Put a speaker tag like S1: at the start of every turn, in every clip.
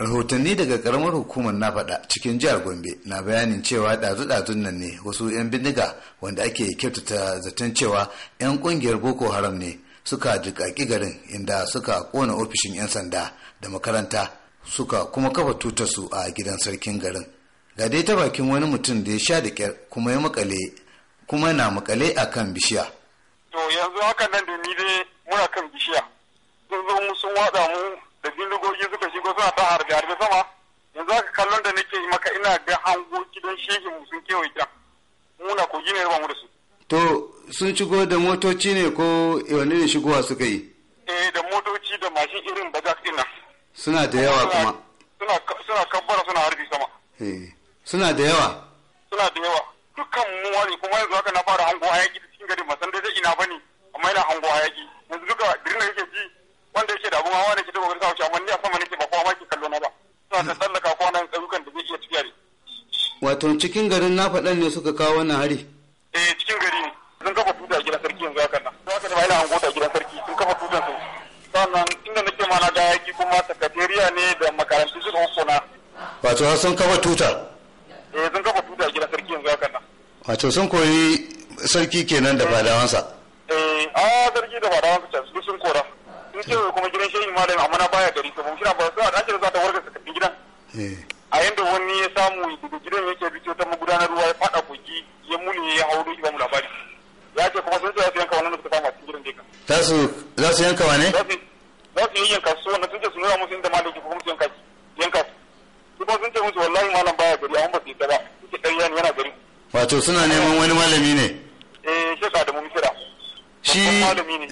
S1: rahotanni daga karamar hukumar na faɗa cikin jihar gombe na bayanin cewa ɗazu-ɗazun nan ne wasu 'yan bindiga wanda ake kyautata zaton cewa 'yan ƙungiyar boko haram ne suka jiƙaƙi garin inda suka kona ofishin 'yan sanda da makaranta suka kuma kafa tutarsu a gidan sarkin garin ga dai ta bakin wani mutum da ya sha da ƙyar kuma ya makale kuma na makale a kan bishiya. to
S2: yanzu haka nan da ni dai muna kan bishiya sun zo mu sun waɗa mu suna ta da harbe sama yanzu haka kallon da nake maka ina ga hango gidan shehin mu sun kewaye gidan muna kogi ne ba mu da su.
S1: To sun shigo da motoci ne ko wani ne shigowa suka yi? Eh da motoci da mashin irin ba za nan. Suna da yawa kuma. Suna suna kabbara suna harbi sama. Eh suna da yawa. Suna da yawa. Dukkan mu wani kuma yanzu haka na fara
S2: hango hayaki cikin gari ba san dai ina bane amma ina hango hayaki.
S1: ba ta tsallaka ko nan ƙauyukan da zai iya tafiya ne. Wato cikin garin na faɗan ne suka kawo wannan hari? Eh cikin
S2: gari ne. Sun kafa tuta a gidan sarki yanzu hakan nan. Za ka ba ina hango ta gidan sarki sun kafa tutan su. Sannan inda nake ma na ga yaki kuma sakatariya ne da makarantu suka hukuna.
S1: Wato har sun kafa tuta? Eh sun kafa tuta a gidan sarki yanzu hakan nan. Wato sun koyi sarki kenan da fadawansa?
S2: Eh a sarki da fadawansa. a yanda wani ya samu daga gidan yake fito ta magudanar ruwa ya fada kogi ya mule ya hauro ba mu labari ya ce kuma sun tsaya su yanka wannan da suka samu a cikin gidan deka za su za su yanka wane za su yi yanka su wannan sun ce su nuna musu inda malam ke kuma su yanka su yanka su su kuma sun ce musu wallahi malam baya gari amma ba su yi ta ba su suke ɗan yani yana gari
S1: wato suna neman wani malami ne eh shi ka
S2: da mu misira shi malami ne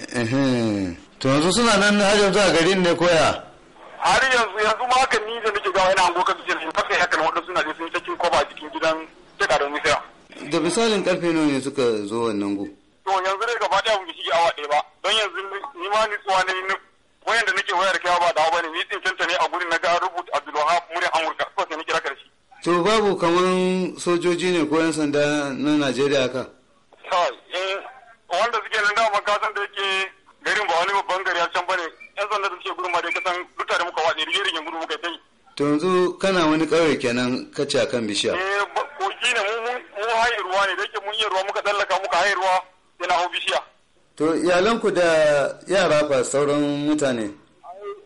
S1: to yanzu suna nan har yanzu a garin ne koya
S2: har yanzu yanzu ma haka ni da
S1: misalin karfe nawa ne suka zo wannan go.
S2: to yanzu dai gaba daya bai shige awa ɗaya ba don yanzu ni ma ni tsuwa ne ni wayan da nake wayar kai ba dawo bane ni tsincanta ne a gurin na ga rubuta Abdulwahab murin Amurka so sai ni
S1: kira karshe to babu kaman sojoji ne ko yan sanda na Najeriya ka
S2: kai eh wanda suke nan da ka kasan da yake garin ba wani babban gari a can bane yan sanda da suke gurin ma dai kasan
S1: san duk da muka wace rigirgin gudu muka yi to yanzu kana wani ƙauye kenan kace akan bishiya eh
S2: mu haye ruwa ne da mun yi muka tsallaka muka haye ruwa yana hau
S1: To iyalanku da yara ba sauran mutane?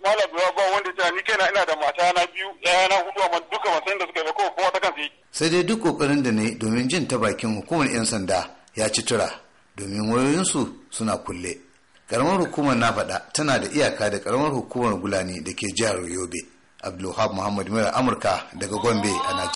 S1: Malam ba ba
S2: wanda ta ni kaina ina da mata na biyu na hudu amma duka matsayin da suka
S1: yi ko kowa ta Sai dai duk kokarin da ne domin jin ta bakin hukumar 'yan sanda ya ci tura domin wayoyinsu suna kulle. Karamar hukumar na faɗa tana da iyaka da karamar hukumar Gulani da ke jihar Yobe. abdulwahab Muhammad Mura Amurka daga Gombe a Najeriya.